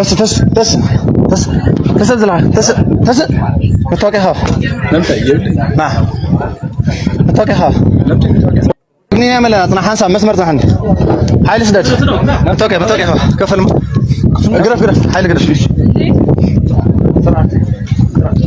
بس تس تس تس تس تس تس متوقع خاف لم تأجل نعم متوقع خاف لم تأجل ني نعمل طنحان سام مسمر طنحان حيل سدد متوقع متوقع خاف كف الم قرف قرف حيل قرف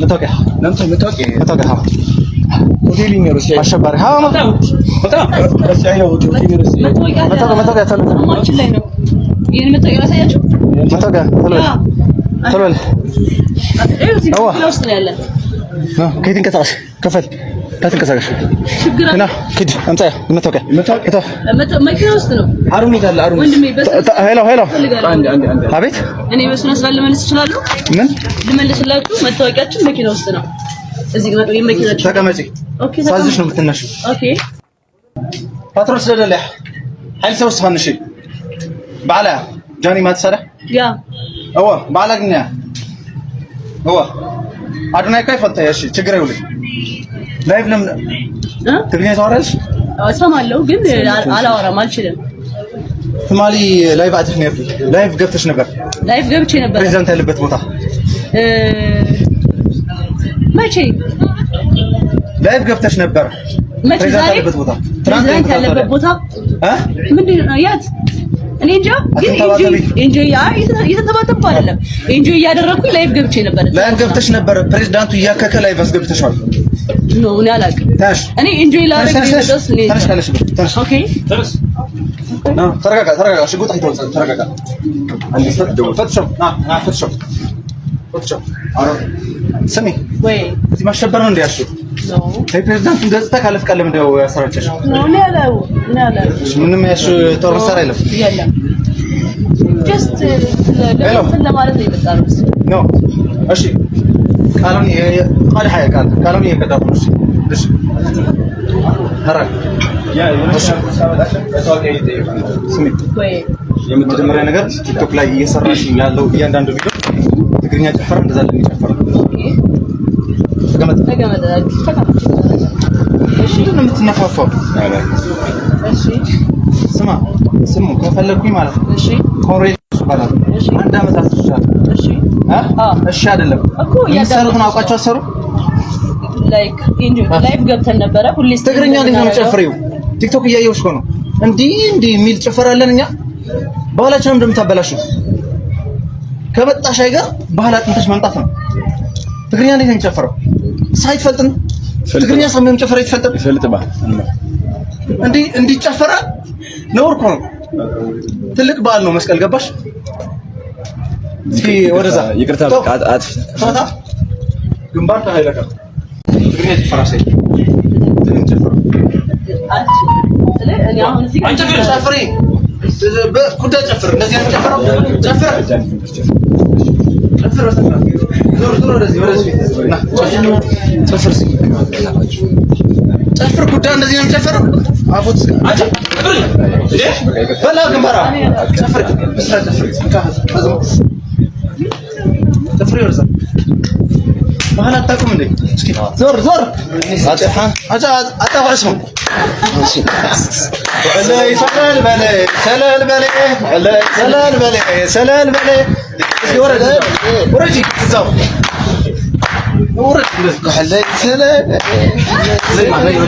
متوقع لم متوقع متوقع خاف وديلي ميروسي عشبار ها ما متوقع بس عينه وجهه ميروسي متوقع متوقع متوقع ما تشلينه يعني متوقع يا سيجو Ah. Eh, መቶ ጋር ቶሎ በል ከየትንቀሳቀስ በዓላ ጃኒ ማትሰራ या हो बालक न्या हो እኮ አይፈታኝ። እሺ ችግር ይኸውልህ፣ ላይቭ ለምን ትግርኛ ታወራለሽ? እሰማለሁ ግን አላወራም፣ አልችልም። ትማሊ ላይቭ አጥፍ ነው። ላይቭ ገብተሽ ነበር? ላይቭ ገብቼ ነበር። ፕሬዚዳንት ያለበት ቦታ መቼ ላይቭ ገብተሽ ነበር? ፕሬዚዳንት ያለበት ቦታ፣ ትናንት ያለበት ቦታ ምንድን ነው ያት እኔ እንጃ ግን ኢንጆይ እየተንተባተብኩ አይደለም። ኢንጆይ እያደረኩኝ ላይፍ ገብቼ ነበር። ላይፍ ገብተሽ ነበር። ፕሬዝዳንቱ እያከከ ላይፍ አስገብተሻል። እኔ አላውቅም። እኔ ኢንጆይ ላደርግ ስሚ ወይ እዚህ ማሸበር ነው እንዲያሽው የፕሬዝዳንቱን ገጽታ ካለ ፍቃድ ለምን ያሰራጨሽ? ምንም ያሽ ጦር ሰራ መሳሪያ የለም። እሺ ቃሉን ቃል ሀያ ቃል ቃሉን እየቀዳሁ ነው። እሺ የመጀመሪያ ነገር ቲክቶክ ላይ እየሰራሽ ያለው እያንዳንዱ ቪዲዮ ትግርኛ ጨፈራ እንደዛ ለሚጨፈር ነገ አንድ አመት አይደለም እኮ የሚሰሩትን አሰሩ። ትግርኛ እንዴት ነው ጨፍሪው? ቲክቶክ እያየሁሽ እኮ ነው። እንዲህ እንዲህ የሚል ጭፈራ አለን እኛ። ባህላችንም እንደምታበላሹ ከመጣሽ አይገር ባህል አጥንተሽ መምጣት ነው። ትግርኛ እንዴት ነው የሚጨፍረው? ሳይፈልጥ ነው ትግርኛ ሰምም ጨፈረ ይፈልጥ ይፈልጥ ባ እንዴ እንዲጨፈራ ነውር እኮ ነው። ትልቅ በዓል ነው መስቀል። ገባሽ? ወደዛ ይቅርታ አጥ ፈታ ግንባር ትግርኛ ጨፈራ ሳይ ትግርኛ ጨፈራ አንቺ በኩዳ ጨፍር እንደዚህ ጨፍራ ጨፍራ ጨፍራ ጨፍር ጉዳ እንደዚህ ነው የሚጨፍረው። አቦት በላ ግንባራ ጨፍር ይወርዛል። መሀል አታውቅም እንዴ? ዞር ዞር አጠፋ ስሙ ሰለል በለ ሰለል በለ ሰለል በለ ሰለል በለ ورجي وردي تزاو سلام زي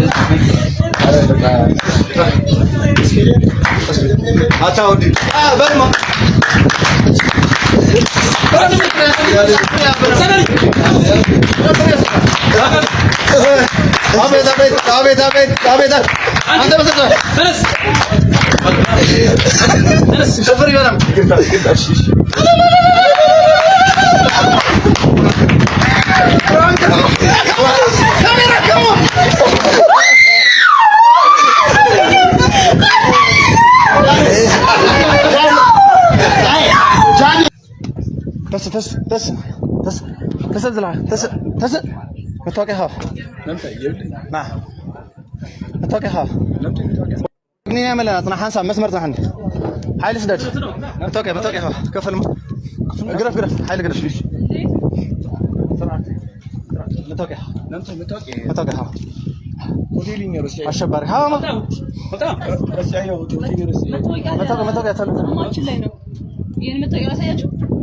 됐어 됐어 됐어 됐어 됐어 얘들아 됐어 됐어 어떻게 하? نعم 어떻게 하? منين نعمل انا حنسى ما سمرت عندي هاي السداد متوقع متوقع هو كف الم قرف قرف هاي القرف متوقع متوقع هو الشبارك ها ما متوقع متوقع يعني متوقع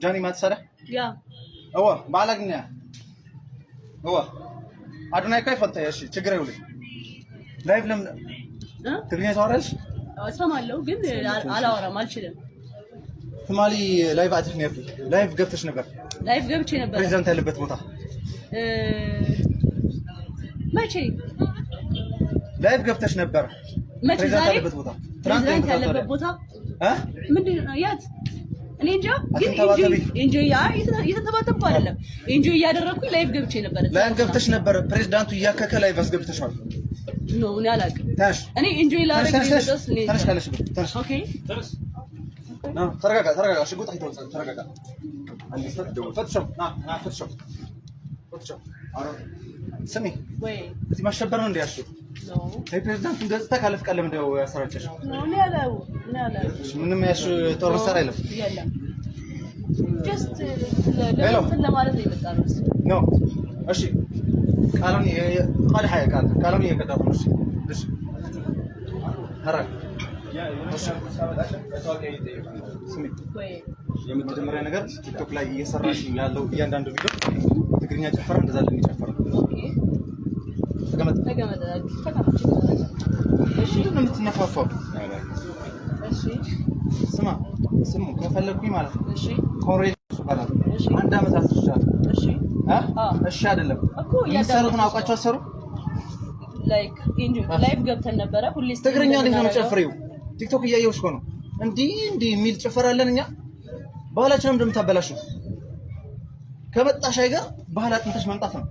Johnny Matsara? Yeah. Owa, balag niya. Owa. Adunay kay ፈታ እሺ ችግር ላይቭ ለምን ትግርኛ ታወራለሽ? እሰማለሁ ግን አላወራም አልችልም። ትማሊ ላይቭ አትሽ ነበር፣ ላይቭ ገብተሽ ነበር። ላይቭ ገብቼ ነበር ፕሬዝዳንት ያለበት ቦታ መቼ ላይቭ ገብተሽ ነበር? ፕሬዝዳንት ያለበት ቦታ ያለበት ቦታ ምንድን ነው? የት እኔ እንጃ ግን እንጂ እየተተባተብኩ አይደለም። እንጂ እያደረግኩኝ ላይቭ ገብቼ ነበር። ላይቭ ገብተሽ ነበር። ፕሬዝዳንቱ እያከከ ላይቭ አስገብተሻል። ኖ እኔ አላውቅም። እኔ እንጂ ላደረግ ተረጋጋ። ስሚ፣ እዚህ ማሸበር ነው እንዲያልሽው የፕሬዚዳንቱን ገጽታ ካለፍ ቃል ለምን ያሰራጨሽ? ምንም ያሽ ጦር መሳሪያ የለም። እሺ ቃሉን ቀድ ሀያ ቃል ቃሉን እየከታተሉ የመጀመሪያ ነገር ቲክቶክ ላይ እየሰራሽ ያለው እያንዳንዱ ቪዲዮ ትግርኛ ጭፈራ እንደዛ ለሚጨፈር ተቀመጥ ተቀመጥ። እሺ ነው የምትነፋፋው? ስማ፣ ስሙ ከፈለግኩኝ ማለት ነው። እሺ ኮሬጅ ይባላል። አንድ አመት አስርሻል። እሺ እሺ አይደለም እኮ የሚሰሩትን አውቃቸው አሰሩ። ላይክ ላይፍ ገብተን ነበረ። ሁሌ ትግርኛ እንዴት ነው የምጨፍሪው? ቲክቶክ እያየሁሽ እኮ ነው። እንዲህ እንዲህ የሚል ጭፈራ አለን እኛ። ባህላችንም እንደምታበላሽ ከመጣሽ አይገር ባህል አጥንተሽ መምጣት ነው።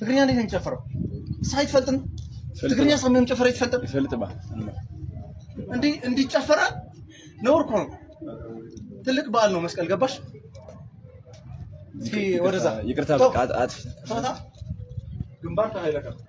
ትግርኛ እንዴት ነው የሚጨፍረው? ሳይፈልጥ ነው ትግርኛ ሰው ምንም ጨፈረ ይፈልጥ ይፈልጥባ እንዴ እንዲጨፈራ ነውር እኮ ነው። ትልቅ በዓል ነው መስቀል። ገባሽ? እስኪ ወደዛ ይቅርታ አጥፍ ግንባር